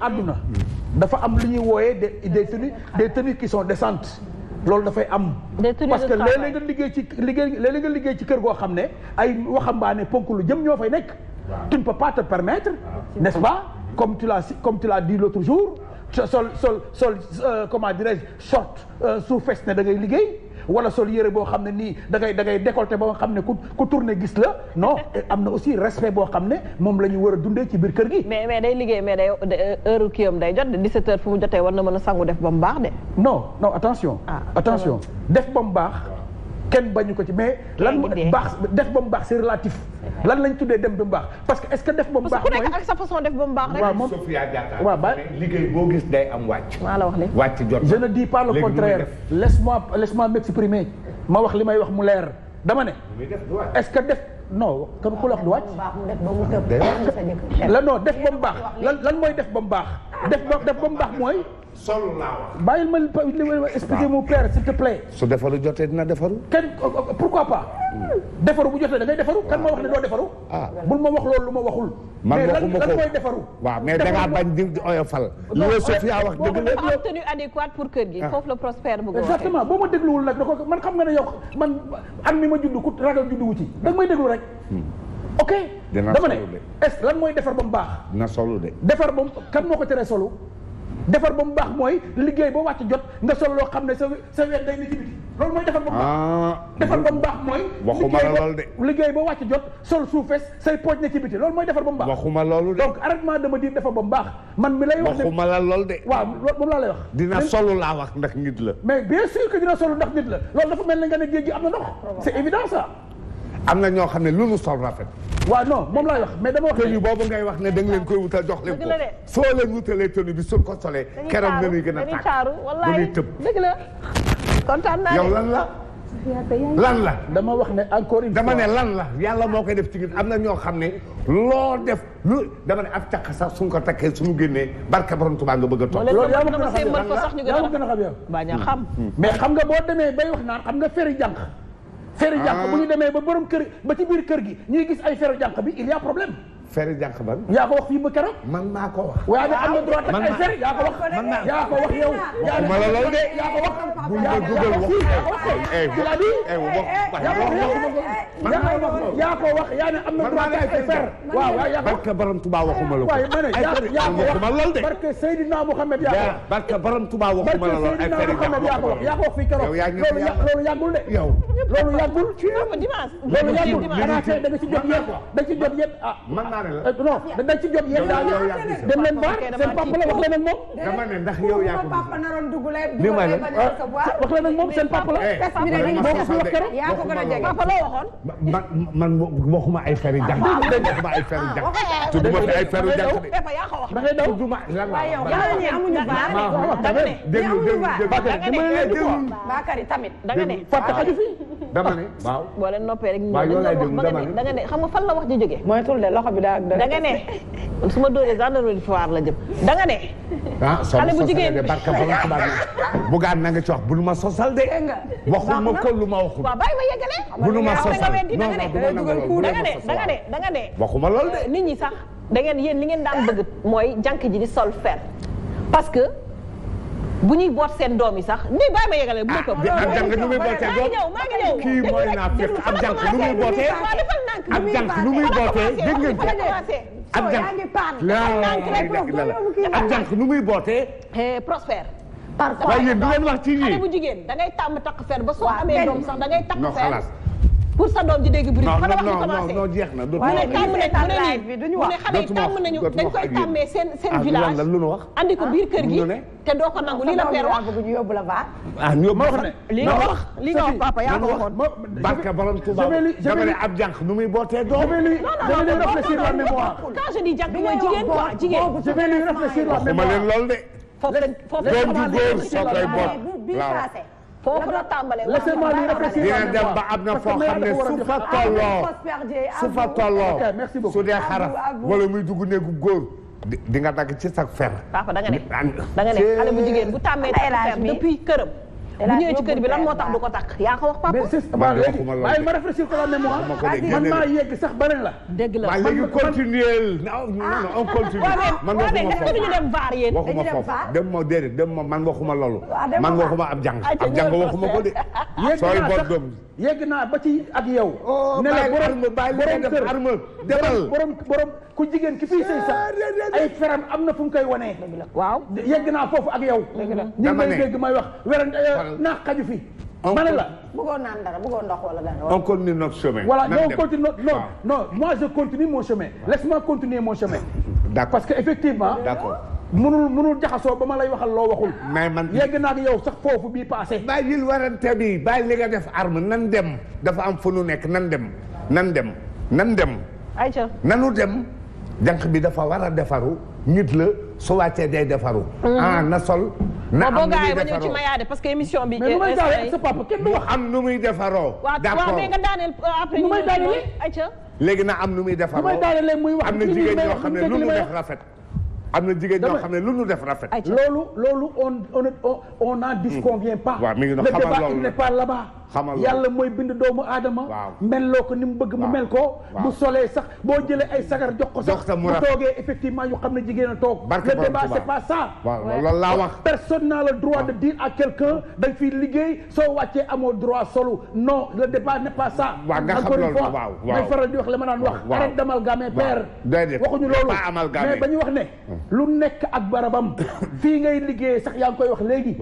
àdduna dafa am lu ñuy wooyee des des tenues des tenues qui sont décentes loolu dafay am parce que léeg-léeg nga liggéey ci liggéey léeg nga liggéey ci kër goo xam ne ay waxambaane ponk lu jëm ñoo fay nekk tu ne peux pas te permettre n'est-ce comme tu la comme tu l'autre jour sol sol sol euh, comment dirais-je short euh, sous fes ne da ngay liggéey wala sol yére boo xam ne nii da ngay da ngay décolleté xam ne ku ku tourné gis la non am na aussi respect boo xam ne moom la ñu war a dundee ci biir kër gi. mais mais day liggéey mais day euh, heure kii am day jot de 17h fu mu jotee war na mën a sangu def ba mu baax de. non non attention. Ah, attention ah. def ba mu baax. kenn bañu ko ci mais. lan baax def ba mu baax c'est relatif. lan lañ tuddee dem ba parce que est-ce que def ba mu baax. mooy ku nekk ak sa façon def ba mu je ne dis pas le contraire laisse-moi laisse-moi ma wax li may wax mu leer dama ne. est-ce que def. non kon ku la wax du wàcc. la non def ba mu baax lan lan mooy def ba mu def ba def ba mu baax sol laa wax. bàyyil ma li ma expliqué mon père s'il te plaît. su defaru jotee dina defaru. kenn oh, oh, pourquoi pas. Hmm. defaru bu jotee da ngay defaru kan moo wax ne doo defaru. ah bul ma wax loolu lu ma waxul. man waxuma ko defaru. waaw mais da ngaa bañ di oyofal. non non Sofia wax dëgg la boo am tenue adéquate pour kër gi. Ah. foofu la prospère bu exactement boo ma dégluwul nag da ko man xam nga ne yow man am mi ma judd ku ragal judd wu ci da rek. Hmm. ok. dama ne est lan mooy defar ba mu baax. dina solu de. defar ba kan moo ko teree solu defar ba mu baax mooy liggéey ba wàcc jot nga solo loo xam ne sa sa wet day ni ci biti mooy defar ba baax defar ba mu baax ah, mooy waxuma la loolu de liggéey ba wàcc jot sol suufes say pooj ne loolu mooy defar ba mu baax waxuma loolu de donc arrêtement dama di defar ba mu baax man mi lay wax waxuma la loolu de waaw moom laa lay wax dina solu laa wax ndax nit la mais bien sûr que dina solu ndax nit la loolu dafa mel ne nga ne géej am na ndox c'est évident ça am na ñoo xam ne lu nu sol rafet waaw non moom laay wax mais dama wax. tenue boobu ngay wax ne da leen koy wutal jox leen ko. soo leen wutalee tenue bi ko solee. keroog na ñuy gën a tàkk dañuy tëb dëgg a kontaan naa yow lan la. lan la dama wax ne encore une dama ne lan la yàlla moo koy def ci nit am na ñoo xam ne loo def lu dama ne ab caq sax suñ ko takkee suñu génnee barke borom Tuubaa nga bëgg a toog loolu yaa xam yow yaa a mais xam nga boo demee bay wax naan xam nga feri jànq feru jànq bu ñu ah. demee ba borom kër ba ci biir kër gi ñuy gis ay feru jànq bi il y a problème fere jànq ban. yaa ko wax fii ba keroog. man maa ko wax. waaye nag am na droit ak ay fere yaa ko wax. man maa yaa ko wax yow. waxuma la loolu de. yaa ko wax bu ma dugal wax. Eh, yaa ko wax yaa ne am na droit ak ay fere. waaw waaw yaa ko wax barke Baram Touba waxuma la ko. waaye ma ne yaa ko wax barke Seydina Mouhamed yaa ko wax. barke Baram Touba waxuma la loolu ay fere yaa ko wax yaa ko wax fii keroog. loolu yàggul de. yow loolu yàggul. dimanche loolu yàggul. da nga ci jot yëpp da nga ci jot yëpp ah baare la eh, non dañ ci jot yéen daal dem leen baar seen papa la wax leen ak moom dama ne ndax yow yaa ko papa naroon dugg lay dugg lay wax leen ak moom seen papa la moo eh, ko wax keroog yaa ko gën a jege papa loo waxoon man man waxuma ay feri jàng ah, waxuma ah, ay feri jàng ah, tudduma fi ay feri jàng papa yaa ko wax da ngay daw tudduma lan la yaa ñi amuñu baar déglu déglu déglu Bakary tamit da nga ne fàtte xaju fi dama ne ah, waaw. boo leen noppee rek ñu ne da nga ne xam nga fan la wax ji jógee. mooy tul de loxo bi daa da nga ne. man su ma dóoree gendarmerie foire la jëm da nga ne. ah xale bu jigéen bi barka borom tubaab bi bugaan na nga ci wax bul ma sosal de. waxul ma ko lu ma waxul. waaw bàyyi ma yeggale. bul ma sosal non non bu ma ne da nga ne da nga ne. waxuma loolu de. nit ñi sax da ngeen yéen li ngeen daan bëgg mooy jànk ji di sol fer parce que bu ñuy boot seen doom yi sax di bàyyi ma yegale bu ko. ak jànk nu muy bootee doom maa ngi ñëw kii mooy naa fekk ak jànk nu muy bootee. ak jànk nu muy bootee dégg muy bootee. prospère. parfois waaye yéen du ngeen wax ci yii. bu jigéen da ngay tàmm takk fer ba soo amee doom sax da ngay takk fer. pour sa doom ji dégg bruit bi. non non non non jeex na dootul wax bi duñu wax dootul wax dootul wax ak yéen mu ne xale yi tàmm nañu dañ koy tàmmee seen seen ah, village. ah lu ñu wax andi ko biir kër gi. Ah, te doo ko nangu ah, lii la père wax. ah ñu yóbbu la fa. lii nga wax lii nga wax papa yaa ko waxoon. barka borom Tuuba dama ne ab jànq nu muy bootee doom. non non non réfléchir la mémoire. quand je dis jànq mooy jigéen quoi jigéen. je vais lui réfléchir la mémoire. waxuma leen lool de. foofu lañ foofu lañ foofu la tàmbalee laissez-moi lui réfléchir dina dem ba am na foo xam ne su fa tolloo su fa tolloo su dee xaraf wala muy dugg néegu góor di nga dagg ci sa fer papa da nga ne da nga ne xale bu jigéen bu tàmmee ci fer bi depuis këram bu ñëwee ci kër bi lan moo tax du ko takk yaa ko wax papa. mais léegi bàyyi ma réfléchir ko la mémoire. man maa yegg sax beneen la. dëgg la man léegi continuer ah, non non on continue. man waxuma foofu dañu dem vaar yéen waxuma foofu dem ma déedéet dem ma man waxuma loolu. Ah, man waxuma ab jàng ah, ab jàng waxuma ko de. sooy bor doom yegg naa ba ci ak yow. Oh, ne la borom borom kër demal borom borom ku jigéen ki fii sëy sax ay feram am na fu mu koy wanee. waaw yegg naa foofu ak yow. dëgg la ñu ngi may dégg may wax werante euh, naax xaju fi. ma ne la bëggoon naan dara bëggoon ndox wala dara. on continue notre chemin. voilà non on continue non non moi je continue mon chemin. laisse-moi continuer mon chemin. d'accord parce que effectivement. d'accord mënul mënul jaxasoo ba ma lay waxal loo waxul. mais man yegg naa ak yow sax foofu bii passé. bàyyil warante bi bàyyi li nga def arme nan dem dafa am fu nu nekk nan dem nan dem nan dem. ayca nanu dem jànq bi dafa war a defaru nit la su wàccee day defaru. Mm-hmm. ah na sol. na am nu muy defaroo ci mayaade parce que émission bi. mais may sa papa kenn du wax. am nu muy defaroo. d'accord waaw nga daaneel euh, après. léegi na am nu muy defaroo may muy am na jigéen ñoo xam ne lu rafet. am na jigéen ñoo xam ne lu nu def rafet. loolu loolu on disconvient pas. waaw mi loolu le xamal yàlla mooy bind doomu aadama melloo ko ni mu bëgg mu mel ko mu solee sax boo jëlee ay sagar jox ko sax bu toogee effectivement ñu xam ne jigéen a toog le débat c'est pas ça loolu laa wax personne n'a le droit de dire à quelqu'un dañ fiy liggéey soo wàcce amoo droit solu non le débat n'est pas ça encore une fois may faral di wax la ma naan wax arrête d'amalgamer père waxuñu loolu mais ba ñu wax ne hmm. lu nekk ak barabam fii ngay liggéey sax yaa ngi koy wax léegi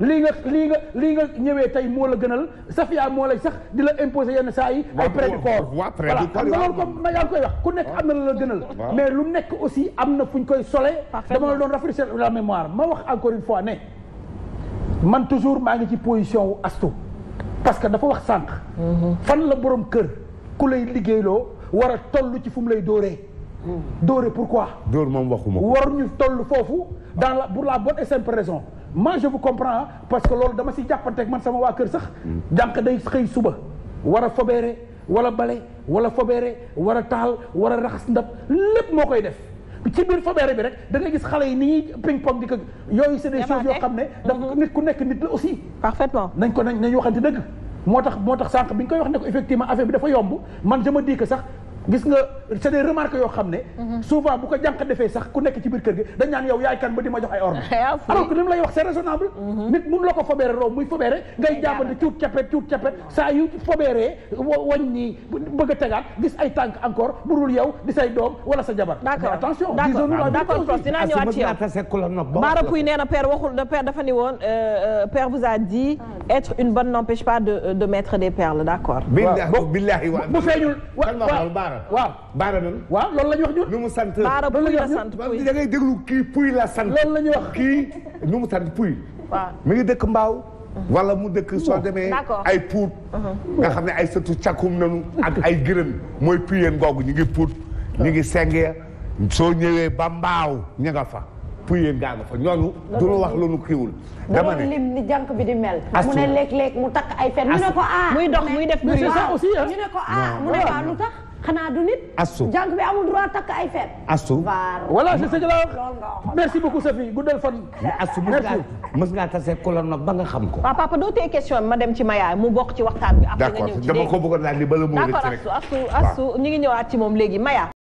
lii nga lii nga lii nga ñëwee tey moo la gënal Safia moo lay sax di la imposé yenn saa yi. ay près corps voilà xam nga ma yaa ngi wax ku nekk am na la la gënal. mais lu nekk aussi am na fu ñu koy sole dama la doon rafraîchir la mémoire ma wax encore une fois ne man toujours maa ngi ci position wu astu parce que dafa wax sànq. Mhm. fan la borom kër ku lay liggéeyloo war a tollu ci fu mu lay dóoree. Mhm. dóoree pourquoi. dóor moom waxuma ko ñu toll foofu dans la pour la bonne et simple raison. moi je vous comprends parce que loolu dama si jàppanteeg man sama waa kër sax jànq day xëy suba wara fobeere wala bale wala fobeere war a taal war a raxas ndab lépp moo koy def ci biir fobeere bi rek da ngay gis xale yi ni ñuy ping pong di ko yooyu c'est des choses yoo xam ne dafa mm-hmm. nit ku nekk nit la aussi parfaitement nañ ko nañ nañ waxante dëgg moo tax moo tax sànq bi ñu koy wax ne ko effectivement affaire bi dafa yomb man je me dis que sax gis nga c'est des remarques yoo xam ne mhm. souvent bu ko jànq defee sax ku nekk ci biir kër gi dañ naan yow yaay kan ba di ma jox ay ordre alors que li mu lay wax c'est raisonnable mhm. nit mun la ko fobeere roob muy cuut capet cuut capet saa yu fobeeree wañ nii bëgg a tegaat gis di doom wala sa jabar mais attention disons-nous la vérité dinaa ñëwaat ah, ci yow Bara Pouye nee na père waxul père dafa ni woon euh, euh, père vous a dit ah, être une bonne n'empêche pas de euh, de mettre des perles d'accord billaahi wa bu feeñul baara waaw baara nan loolu la ñu wax ñun nu mu sant baara puy la sant puy da ngay kii sant loolu la ñu wax kii nu mu sant puy waaw mi ngi dëkk mbaaw mm-hmm. wala mu dëkk soo demee ay puut mm-hmm. nga xam ne ay sëtu càkkum nanu ak ay gërëm mooy puyeen googu ñu ngi puut ngi sengee soo ñëwee ba mbaaw ña nga fa puyeen gaa nga fa ñooñu du ñu wax lu ñu kiiwul dama ne lim ni bi di mel mu ne léeg-léeg mu takk ay fen ñu ne ko ah muy dox muy def ah, mu ne waa xanaa du nit. asu jàng bi amul droit takk ay fer. asu voilà c'est ça. merci beaucoup Sophie guddal fan. asu merci mës ngaa tase kolon nag ba nga xam ko. waaw papa doo tee question ma dem ci Maya mu bokk ci waxtaan bi. après nga ñëw ci dama ko bëggoon laaj li bala mu rek. d'accord asu asu asu ñu ngi ñëwaat ci moom léegi Maya.